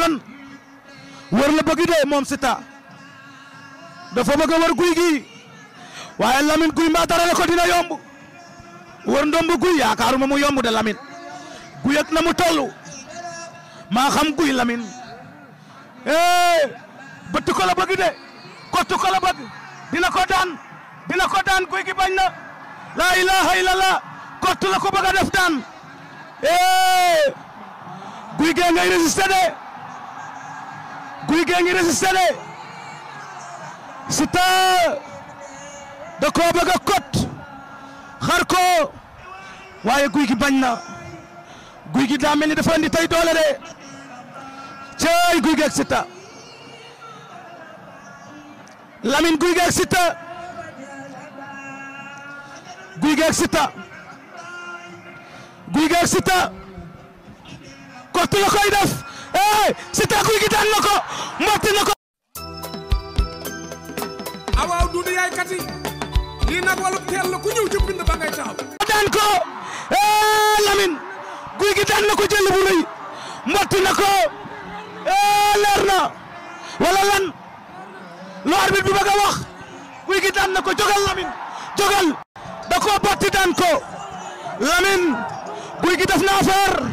lan war la bëgg dé mom sita dafa bëgg war guuy gi waye Lamine guuy ma dara la ko dina yomb war ndomb guy yaakaaruma mu yomb de Lamine guuy ak namu tollu ma xam guuy Lamine eh bëtt ko la bëgg ko tu ko la bëgg dina ko daan dina ko daan guuy gi bañ na la ilaha illallah tu la ko bëgg def daan eh guuy ge ngay résister guy gee ngi résisté de Siteu da koo bëgg a kot xar ko waaye guy gi bañ na guy gi daa mel ni dafa andi tey doole de cey guy gi ak Siteu Lamine guy gi ak guy gi ak guy gi ak Siteu kot koy def. eh ta Gouye Gui daan na ko mbotti na ko. ah waaw Doudou lii nag wala teel la ku ñëw ci bind ngay taxaw. daan ko eh Lamine Gouye daan na ko jël bu rëy mbotti na ko leer na wala lan lu arbitre bi bëgg a wax Gouye Gui daan na ko jogal Lamine jogal da koo botti daan ko Lamine Gouye Gui def na affaire.